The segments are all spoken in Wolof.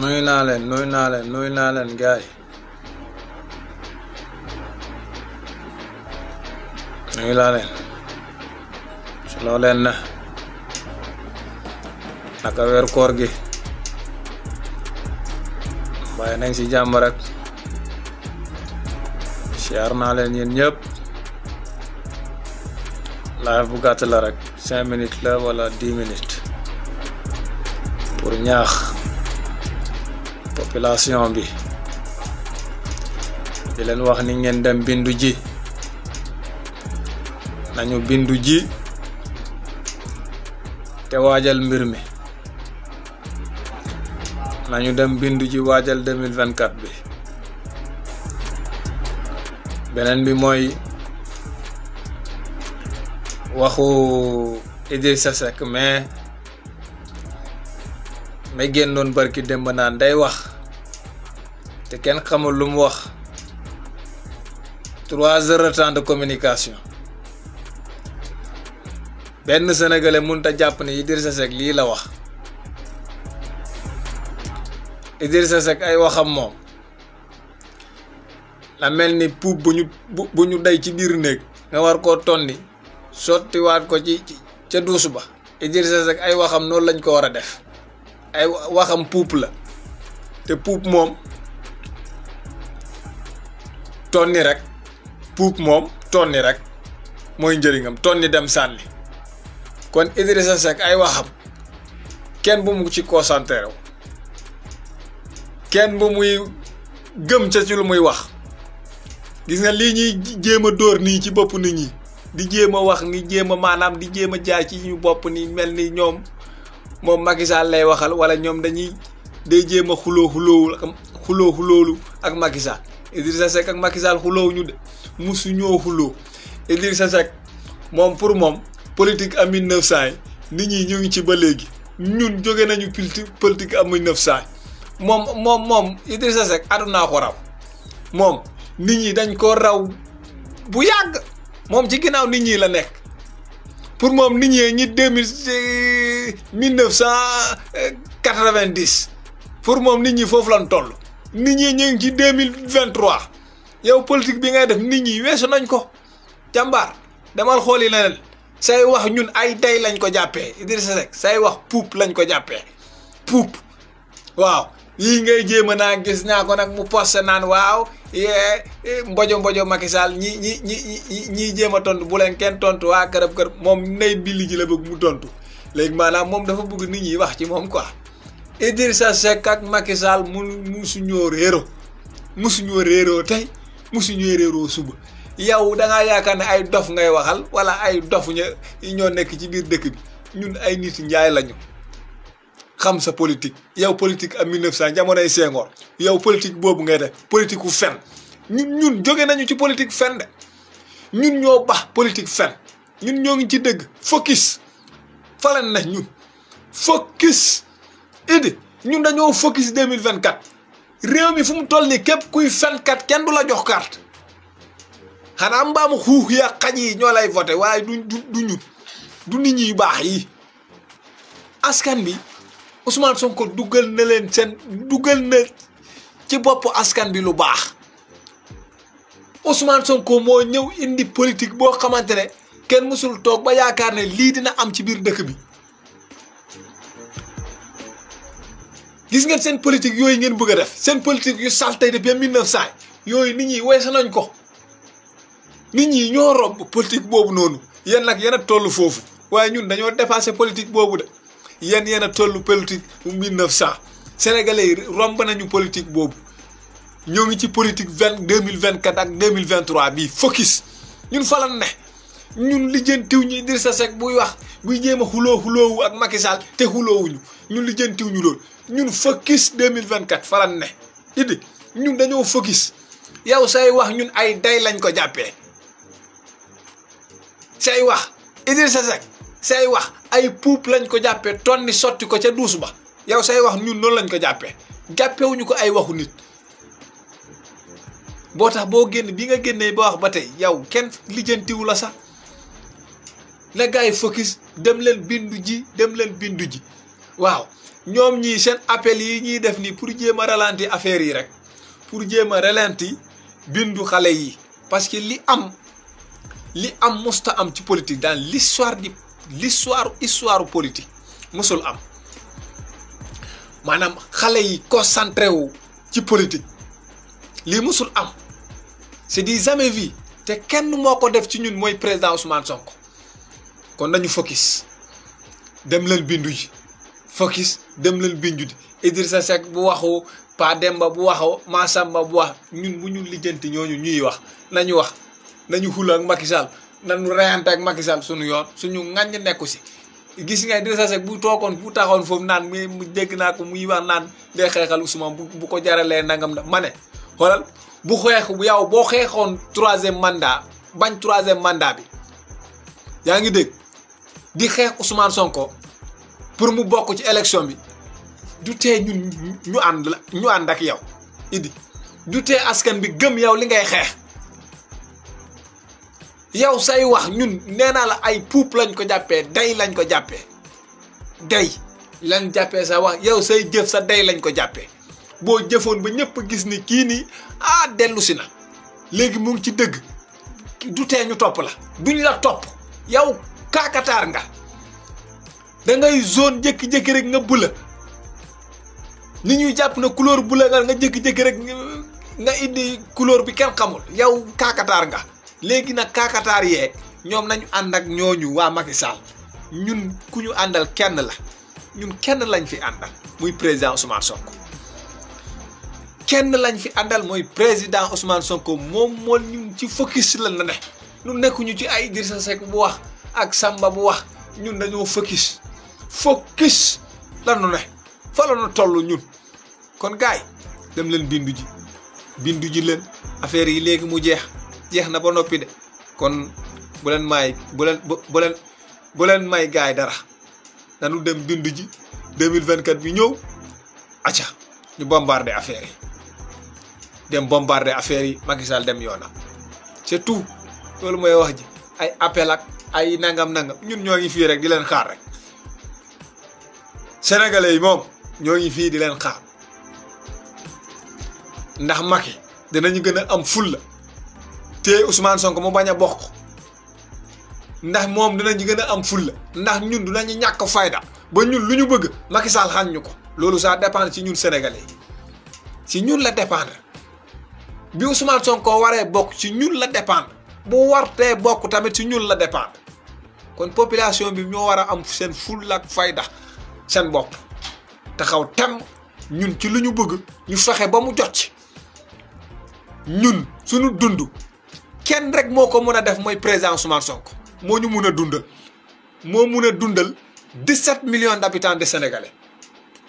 New Island, New Island, New Island guy. New Island. Slow len na. Nakawer korgi. Bayan si jamrek. Share na len yin yep. Live buka telarek. 5 minutes la wala 10 minutes. Pour nyakh population bi di len wax ni ngeen dem bindu ji nañu bindu ji te wajal mbir mi nañu dem bindu ji wajal 2024 bi benen bi moy waxu Idrissa mais ma génnoon barki démb naan day wax te kenn xamul lu mu wax trois heures de temps de communication benn sénégalais munta a jàpp ne Idrissa sek lii la wax Idrissa sek ay waxam moom la mel ni puub bu ñu bu ñu day ci biir néeg nga war koo tonni sottiwaat ko ci ca duus ba Idrissa sek ay waxam noonu lañ ko war a def ay waxam pupula, la te poup mom tonni rek poup mom tonni rek moy njëriñam tonni dem sanni kon Idrissa sek ay waxam kenn bu mu ci concentré wu kenn bu muy gem ca ci lu muy wax gis nga li ñi jema dor ni ci bop nit ñi di jema wax ni jema manam di jema jaay ci ñu bop ni mel ñom moom Macky Sall lay waxal wala ñoom dañuy day jéem a xuloo xulóowul ak xuloo xuloolu ak Macky Sall Idrissa ak Macky Sall ñu de musu ñoo xuloo Idrissa moom pour moom politique am 1900 nit ñi ñu ngi ci ba léegi ñun jóge nañu politique politique am 1900 moom moom moom Idrissa Seck àddunaa ko raw moom nit ñi dañ ko raw bu yàgg moom ci ginnaaw nit ñi la nekk pour moom nit ñee ñi deux mille mille neuf cent quatre-vingt-dix pour moom nit ñi foofu lan toll ni ñi ñu ngi ci deux mille vingt trois yow politique bi ngay def nit ñi weesu nañ ko jàmbaar demal xool yi say wax ñun ay day lañ ko jàppee Idrissa Seck say wax puup lañ ko jàppee puup waaw yii ngay jéem a naa gis naa ko nag mu posté naan waaw mbojo mbojo Macky Sall ñi ñi ñi ñiy jéem a tontu bu leen kenn tontu waa kërëb kërëb moom nay billi ji la bëgg mu tontu léegi maanaam moom dafa bëgg nit ñi wax ci moom quoi sa Seck ak Macky Sall mu musuñoo réero musuñoo réeroo tey musuñoo réeroo suba yow da ngaa yaakaar ne ay dof ngay waxal wala ay dof ña ñoo nekk ci biir dëkk bi ñun ay nit njaay lañu. xam sa politique yow politique am 1900 jamonoy Senghor yow politique boobu ngay def politique wu fen ñun ñun joge nañu ci politique fen de ñun ñoo bax politique fen ñun ñoo ngi ci dëgg fokkis falan na ñun focus idi ñun dañoo focus 2024 réew mi fu mu toll nii képp kuy fenkat kenn du la jox carte xanaa mbaamu xuux ya xaj yi ñoo lay voté waaye du du du ñun du nit ñi baax yi askan bi Ousmane Sonko dugal na leen seen dugal na ci boppu askan bi lu baax Ousmane Sonko moo ñëw indi politique boo xamante ne kenn mësul toog ba yaakaar ne lii dina am ci biir dëkk bi gis ngeen seen politique yooyu ngeen bëgg a def seen politique yu salté depuis mille neuf cent yooyu ni ñi weesa nañ ko nit ñi ñoo rob politique boobu noonu yéen nag yéen a toll foofu waaye ñun dañoo dépassé politique boobu de yéen yenn a toll politique 1900 sénégalais yi romb nañu politique boobu ñoo ngi ci politique vingt deux mille vingt quatre ak deux mille vingt trois bii focus ñun falan ne ñun lijjantiw ñu Idrissa Seck buy wax buy jéem a xuloo xuloowu ak Macky Sall te xuloowuñu ñun lijjantiw ñu loolu ñun focus deux mille vingt quatre falan ne idi ñun dañoo focus yow say wax ñun ay day lañ ko jàppee say wax Idrissa Seck say wax ay poup lañ ko jàppee tonni sotti ko ca duus ba yow say wax ñun noonu lañ ko jàppee jàppewuñu ko ay waxu nit boo tax boo génn bi nga génnee ba wax ba tey yow kenn lijjantiwu la sax la gaay focus dem leen bindu ji dem leen bindu ji waaw ñoom ñii seen appel yi ñuy def ni pour jéem ralenti affaire yi rek pour jéem ralenti bindu xale yi parce que li am li am musta am ci politique dans l'histoire du l'histoire histoire politique mësul am maanaam xale yi concentré wu ci politique lii mësul am c'est du jamais vi te kenn moo ko def ci ñun mooy président Ousmane sonk kon nañu focus dem leen bindu yi focus dem leen bindu di Idrissa Seck bu waxu Pa Demba bu waxoo Massamba bu wax ñun bu ñu lijjanti ñooñu ñuy wax nañu wax nañu xul ak nu reyante ak Macky Sall suñu yoon suñu ngañ nekk ci gis nga Idrissa Seck bu tokon bu taxoon fofu nan muy mu dégg naa ko muy wax nan de xexal Ousmane bu bu ko jaralee nangam da mané xolal bu xex ya, bu yaw bo xexon 3e mandat bañ 3e mandat bi ya nga dégg di xex Ousmane Sonko pour mu bok ci élection bi du té ñun ñu and ñu and ak yaw idi du té askan bi gëm yaw li ngay xex yow say wax ñun neena la ay poup lañ ko jappé day lañ ko jappé day lañ jappé sa wax yow say jëf sa day lañ ko jappé bo jëfoon ba ñëpp gis ni ki ni a ah, delu sina légui mu ngi ci dëgg du ñu top la duñ la top yow nga da ngay zone jëk jëk rek nga bula ni ñuy japp na couleur bula nga jëk jëk rek nga indi couleur bi kenn xamul yow nga léegi nag kaakataar yee ñoom nañu ànd ak ñooñu waa Macky Sall ñun ku ñu àndal kenn la ñun kenn lañ fi àndal muy président Ousmane Sonko kenn lañ fi àndal mooy président Ousmane Sonko moom moo ñun ci focus la na ne nekkuñu ci ay Idrissa Seck bu wax ak Samba bu wax ñun dañoo focus focus la nu la nu tollu ñun kon gaay dem leen bindu ji bindu ji yi léegi mu jeex. jeex na ba noppi de kon bu leen may bu leen bu leen bu leen may gaay dara nanu dem dund ji 2024 bi ñëw acca ñu bombarder affaire yi dem bombarder affaire yi Macky Sall dem yona c'est tout loolu mooy wax ji ay appel ak ay nangam nangam ñun ñoo ngi fii rek di leen xaar rek sénégalais yi moom ñoo ngi fii di leen xaar ndax Macky dinañu gën am fulla té Ousmane Sonko mo baña a bokk ndax moom dina ñu gëna am ful ndax ñun dinañu ñak fayda ba ñun luñu bëgg Macky Sall xañ ñuko lolu ça dépend ci ñun sénégalais ci ñun la dépend bi Ousmane Sonko waré bokk ci ñun la dépend bu warté bokk tamit ci ñun la dépend kon population bi ñoo wara am sen ful lak fayda sen bopp taxaw tem ñun ci luñu bëgg ñu fexé ba mu jot ci ñun suñu dundu kenn rek moo ko mën a def mooy président Ousmane Sonko moo ñu mun a dundal moo mun a dundal 17 millions million habitants de sénégalais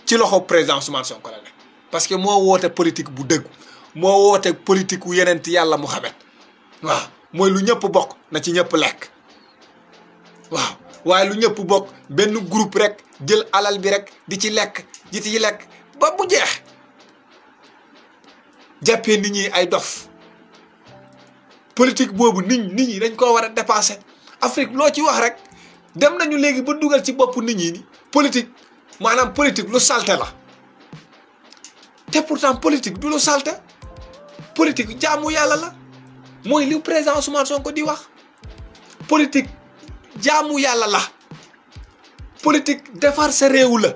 ci loxo président Ousmane Sonko la ne parce que moo woote politique bu dëgg moo woote politique wu yeneen ti yàlla Muhammad waaw mooy lu ñëpp bokk na ci ñëpp lekk waaw waaye lu ñëpp bokk benn groupe rek jël alal bi rek di ci lekk di ci lekk ba bu jeex jàppee ni ñi ay dof. politique bobu nit nit ñi dañ ko wara dépasser afrique lo ci wax rek dem nañu légui ba duggal ci bop nit ñi ni politique manam politique lu salté la té pourtant politique du lu salté politique jaamu yalla la moy li président Ousmane Sonko di wax politique jaamu yalla la politique défar sa réew la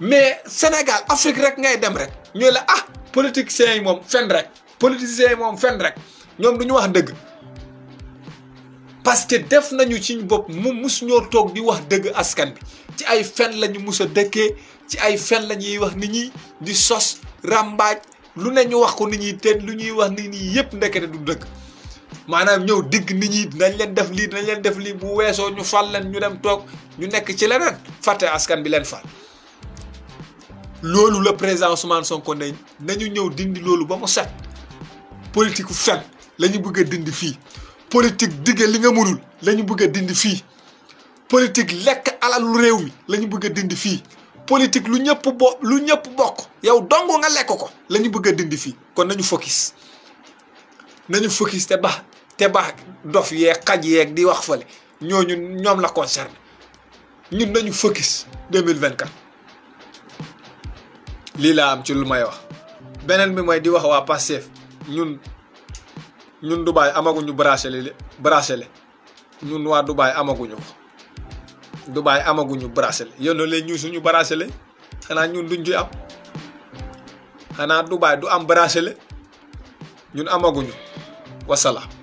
mais Sénégal Afrique rek ngay dem rek ñu la ah politique c'est mom fen rek politiciens moom fenn rek ñoom du ñu wax dëgg parce que def nañu ci ñu bopp mu mus ñoo toog di wax dëgg askan bi ci ay fen la ñu mus a dëkkee ci ay fen la ñuy wax ni ñi di sos ràmbaaj lu ne ñu wax ko ni ñi te lu ñuy wax nit ñi yëpp ndekete du dëgg maanaam ñëw digg ni ñi dinañ leen def lii dinañ leen def lii bu weesoo ñu fal leen ñu dem toog ñu nekk ci leneen fàtte askan bi leen fal. loolu la président Ousmane Sonko ne nañu ñëw dindi loolu ba mu set. politique fen la ñu bëgg dindi fii politique digge li nga mënul lañu ñu bëgg a dindi fii politique lekk alalu réew mi la ñu bëgg a dindi fii politique lu ñëpp bokk yow dong nga lekk ko la ñu bëgg a dindi fii kon nañu focus nañu focus te baax te baax dof yeeg xaj yeeg di wax fale ñooñu ñoom la concerné ñun nañu focus 2024 lii laa am ci lu may wax beneen bi mooy di wax waa Pastef ñun ñun Dubaï amaguñu bracelet bracelet ñun waa Dubaï amaguñu ko Dubaï amaguñu bracelet yéen a leen ñu suñu bracelet xanaa ñun duñ am xanaa Dubaï du am bracelet ñun amaguñu wasalaam.